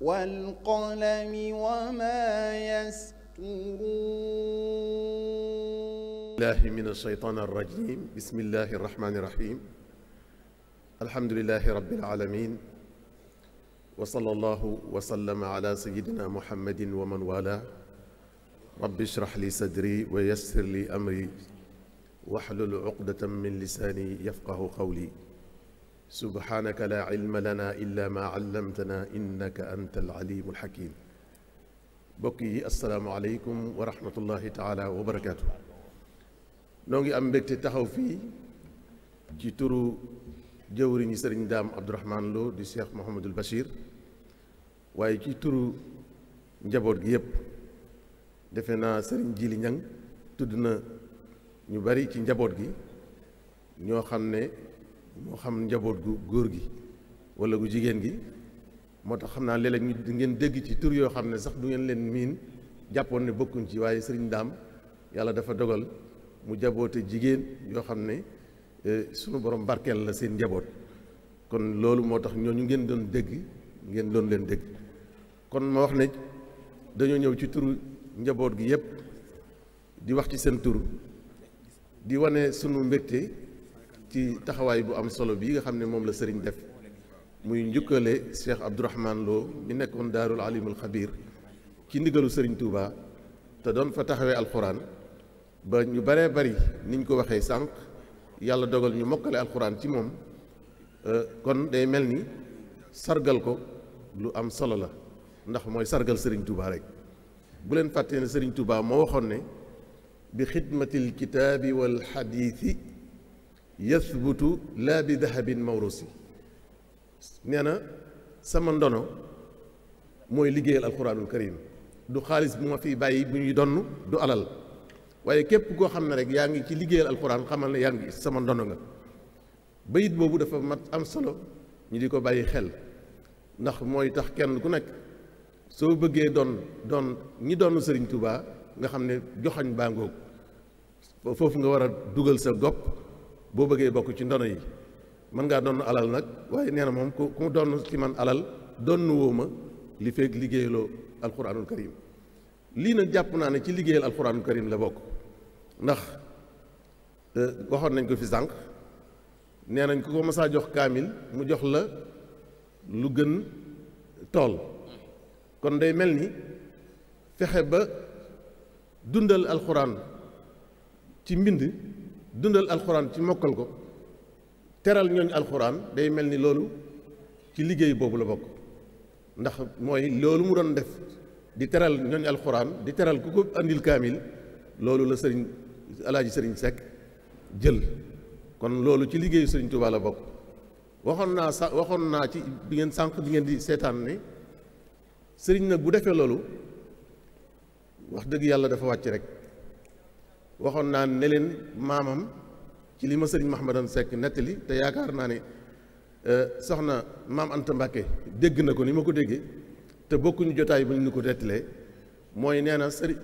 والقلم وما يسطرون الله من الشيطان الرجيم بسم الله الرحمن الرحيم الحمد لله رب العالمين وصلى الله وسلم على سيدنا محمد ومن والاه رب اشرح لي صدري ويسر لي أمري واحلل عقدة من لساني يفقه قولي subhaanaka laa ilma lana illa maa allamtana innaka anta alalimu alxakim mbokk yi asalaamualeykum wa rahmatullahi taala wa barakaatu noo ngi am mbégte taxaw fii ci turu jëwriñu sëriñ daam abdourahman Lo di cheikh mohamadul bachir waaye ci turu njaboot gi yépp defe naa sëriñ jili ñang tudd na ñu bari ci njaboot gi ñoo xam ne moo xam njaboot gu góor gi wala gu jigéen gi moo tax xam naa léeg-léeg di ngeen dégg ci tur yoo xam ne sax du ngeen leen miin jàppoon ne bokkuñ ci waaye sëriñ daam yàlla dafa dogal mu jaboote jigéen yoo xam ne euh, sunu borom barkeel la seen njaboot kon loolu moo tax ñooñu ngeen doon dégg ngeen doon leen dégg kon ma wax ne dañoo ñëw ci tur njaboot gi yépp di wax ci seen tur di wane sunu mbégte ci taxawaay bu am solo bii nga xam ne moom la sëriñ def muy njukkale Cheikh Abdourahman Lo bi nekkoon daarul alimul xabir ci ndigalu sëriñ Touba te doon fa taxawee alxuraan ba ñu baree bari niñ ko waxee sànq yàlla dogal ñu mokkale alxuraan ci moom euh, kon day mel ni sargal ko lu am solo la ndax mooy sargal sëriñ Touba rek bu leen fàttee ne sëriñ Touba moo waxoon ne bi xidmatil kitaabi wal xadiisi yathbutu la bi dahabin mawrusi nee na sama ndono mooy liggéeyal alquranul karim du xaalis bu ma fi bàyyi bu ñuy donn du alal waaye képp koo xam ne rek yaa ngi ci liggéeyal alquran xamal ne yaa ngi sama ndono nga bayit boobu dafa mat am solo ñu di ko bàyyi xel ndax mooy tax kenn ku nekk soo bëggee doon doon ñi doon Serigne Touba nga xam ne joxañ baa ngoog foofu nga war a dugal sa gopp boo bëggee bokk ci ndono yi mën ngaa donn alal nag waaye nee na moom ku ku donn ci man alal donn woo ma li feeg liggéeyaloo alquranul karim lii nag jàpp naa ne ci liggéeyal alquranul karim la bokk ndax euh, waxoon nañ ko fi sànq nee nañ ku ko masaa jox kaamil mu jox la lu gën tool kon day mel ni fexe ba dundal alquran ci mbind dundal alxuraan ci mokkal ko teral ñooñ alxuraan day mel ni loolu ci liggéey boobu la bokk ndax mooy loolu mu doon def di teral ñooñ alxuraan di teral ku ko andil kaamil loolu la sëriñ alaaji sëriñ Seck jël kon loolu ci liggéeyu sëriñ Touba la bokk waxoon naa sa waxoon naa ci bi ngeen sànq bi ngeen di seetaan ni sëriñ nag bu defee loolu wax dëgg yàlla dafa wàcc rek waxoon naa ne leen maamam ci li ma sëriñ Mahamadan Seck nettali te yaakaar naa ne euh, soxna maam Anta Mbàkke dégg na ko ni ma ko déggee te bokkuñu jotaay bu ñu ni ko nettalee mooy nee na sëriñ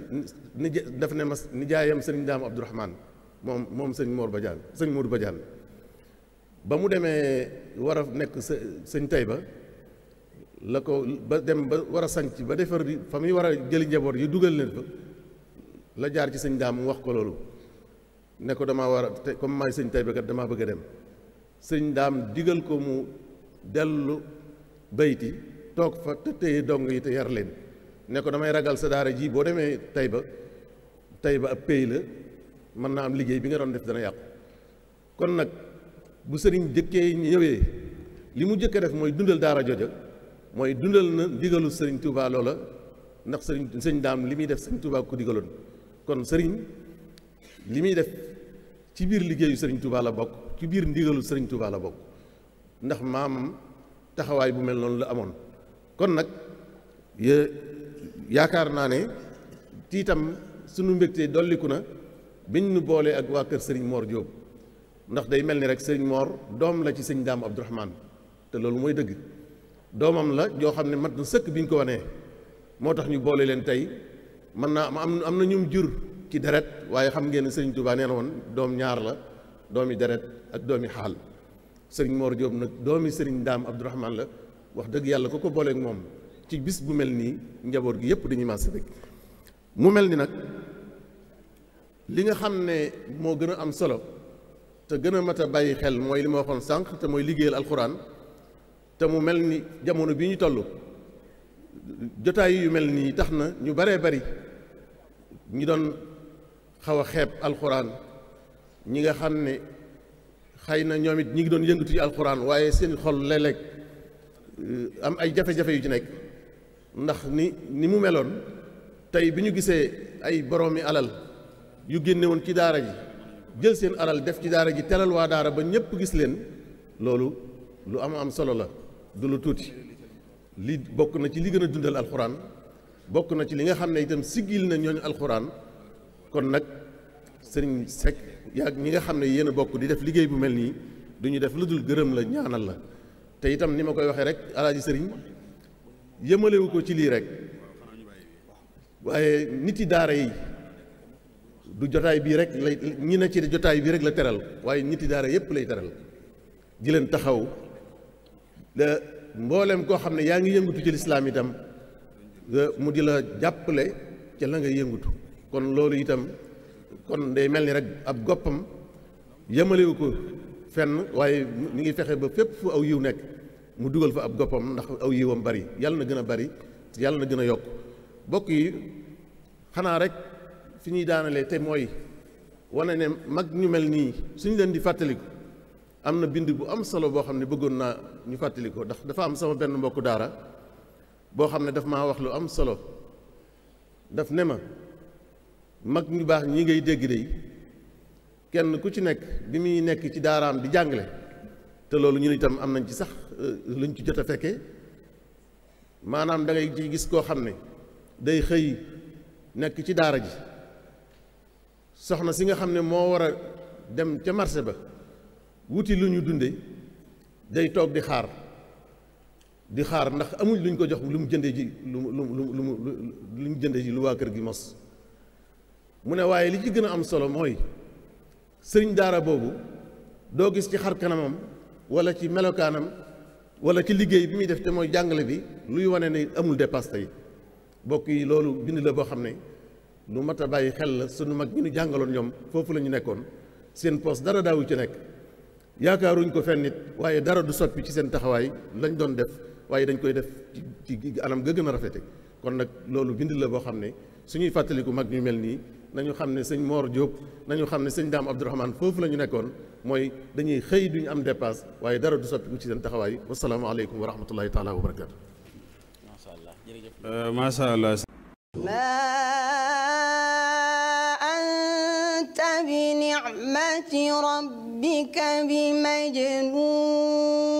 ni daf ne ma nijaayam sëriñ Daam Abdourahman moom moom sëriñ Mor Badiane sëriñ Mor Badiane ba mu demee war a nekk sa sëñ Tayba la ko ba dem ba war a sanc ba defar di fa muy war a jëli njaboot yi dugal leen fa la jaar ci sëñ daam mu wax ko loolu ne ko damaa war a te comme maay sëñ Tayba kat damaa bëgg a dem sëñ daam digal ko mu dellu bayti toog fa te téye dong yi te yar leen ne ko damay ragal sa daara ji boo demee Tayba Tayba ab pays la mën naa am liggéey bi nga doon def dana yàqu kon nag bu sëriñ jëkkee ñëwee li mu jëkk a def mooy dundal daara jojo mooy dundal na ndigalu sëriñ Touba la ndax sëriñ sëñ daam li muy def sëriñ Touba ko digaloon kon sëriñ li muy def ci biir liggéeyu sëriñ Touba la bokk ci biir ndigalu sëriñ Touba la bokk ndax maamam taxawaay bu mel noonu la amoon kon nag yaakaar naa ne tiitam suñu mbégte dolliku na biñ nu boolee ak waa kër sëriñ moor Diop ndax day mel ni rek sëriñ Mor doom la ci sëñ Daam Abdourahmane te loolu mooy dëgg doomam la joo xam ne mat na sëkk biñ ko wanee moo tax ñu boole leen tey mën naa am am na ñum jur ci deret waaye xam ngeen ne sëriñ Tuubaa nee na woon doom ñaar la doomi deret ak doomi xaal sëriñ Mor Diop nag doomi sëriñ Daam Abdourahman la wax dëgg yàlla ku ko booleek moom ci bis bu mel nii njaboot gi yëpp dañuy màs rek mu mel ni nag li nga xam ne moo gën a am solo te gën a mat a bàyyi xel mooy li ma waxoon sànq te mooy liggéeyal alxuraan te mu mel ni jamono bi ñu toll jotaay yu mel nii tax na ñu baree bari ñi doon xaw a xeeb alxuraan ñi nga xam ne xëy na ñoom it ñi ngi doon yëngatu ci alxuraan waaye seen xol léeg euh, am ay jafe-jafe yu ci nekk ndax ni ni mu meloon tey bi ñu gisee ay boroomi alal yu génne woon ci daara ji jël seen alal def ci daara ji teral waa daara ba ñëpp gis leen loolu lu am am solo la du lu tuuti li bokk na ci li gën a dundal alxuraan bokk na ci li nga xam ne itam siggil na ñooñu alxuraan kon nag sëriñ Seck yaa ñi nga xam ne yéen bokk di def liggéey bu mel nii du def lu dul gërëm la ñaanal la te itam ni ma koy waxee rek alaaji sëriñ yëmalewu ko ci lii rek waaye nit yi daara yi du jotaay bii rek lay ñi na ci jotaay bii rek la teral waaye nit yi daara yépp lay teral di leen taxaw mboolem koo xam ne yaa ngi yëngatu ci lislaam itam mu di la jàppale ca la nga yëngutu kon loolu itam kon day mel ni rek ab goppam yemalewu ko fenn waaye mu ngi fexe ba fépp fu aw yiw nekk mu dugal fa ab goppam ndax aw yiwam bari yàlla na gën a bari yàlla na gën a yokk bokk yi xanaa rek fi ñuy daanalee te mooy wane ne mag ñu mel nii suñu leen di fàttaliku am na bind bu am solo boo xam ne bëggoon naa ñu fàttali ndax dafa am sama benn mbokku daara boo xam ne daf ma wax lu am solo daf ne ma mag ñu baax ñi ngay dégg de kenn ku ci nekk bi muy nekk ci daaraam di jàngale te loolu ñu ñun itam am nañ ci sax euh, luñ ci jot a fekkee maanaam dangay ci gis koo xam ne day xëy nekk ci daara ji soxna si nga xam ne moo war a dem ca marché ba wuti lu ñu dunde day toog di xaar di xaar ndax amuñ luñ ko jox lu mu jëndee ji lu mu lu mu lu mu lu mu jëndee ji lu waa kër gi mos mu ne waaye li ci gën a am solo mooy sëriñ daara boobu doo gis ci xar kanamam wala ci melokaanam wala ci liggéey bi muy def te mooy jàngale bi luy wane ni amul dépasse tey bokk yi loolu bind la boo xam ne lu mat a bàyyi xel la sunu mag ñu nu jàngaloon ñoom foofu la ñu nekkoon seen poste dara daawu ci nekk yaakaaruñ ko fenn nit waaye dara du soppi ci seen taxawaay lañ doon def. waaye dañ koy def ci ci anam ga gën rafete kon nag loolu bind la boo xam ne su suñuy fàttaliku mag ñu mel nii nañu xam ne sëñ Mor Diop nañu xam ne sëñ Daam Abdourahmane foofu la ñu nekkoon mooy dañuy xëy duñu am dépasse waaye dara du soppiku ci seen taxawaay wasalaamaaleykum wa rahmatullahi taala wa barakaatu. allah jërëjëf. Euh, macha allah. anta bi ni'mati rabbika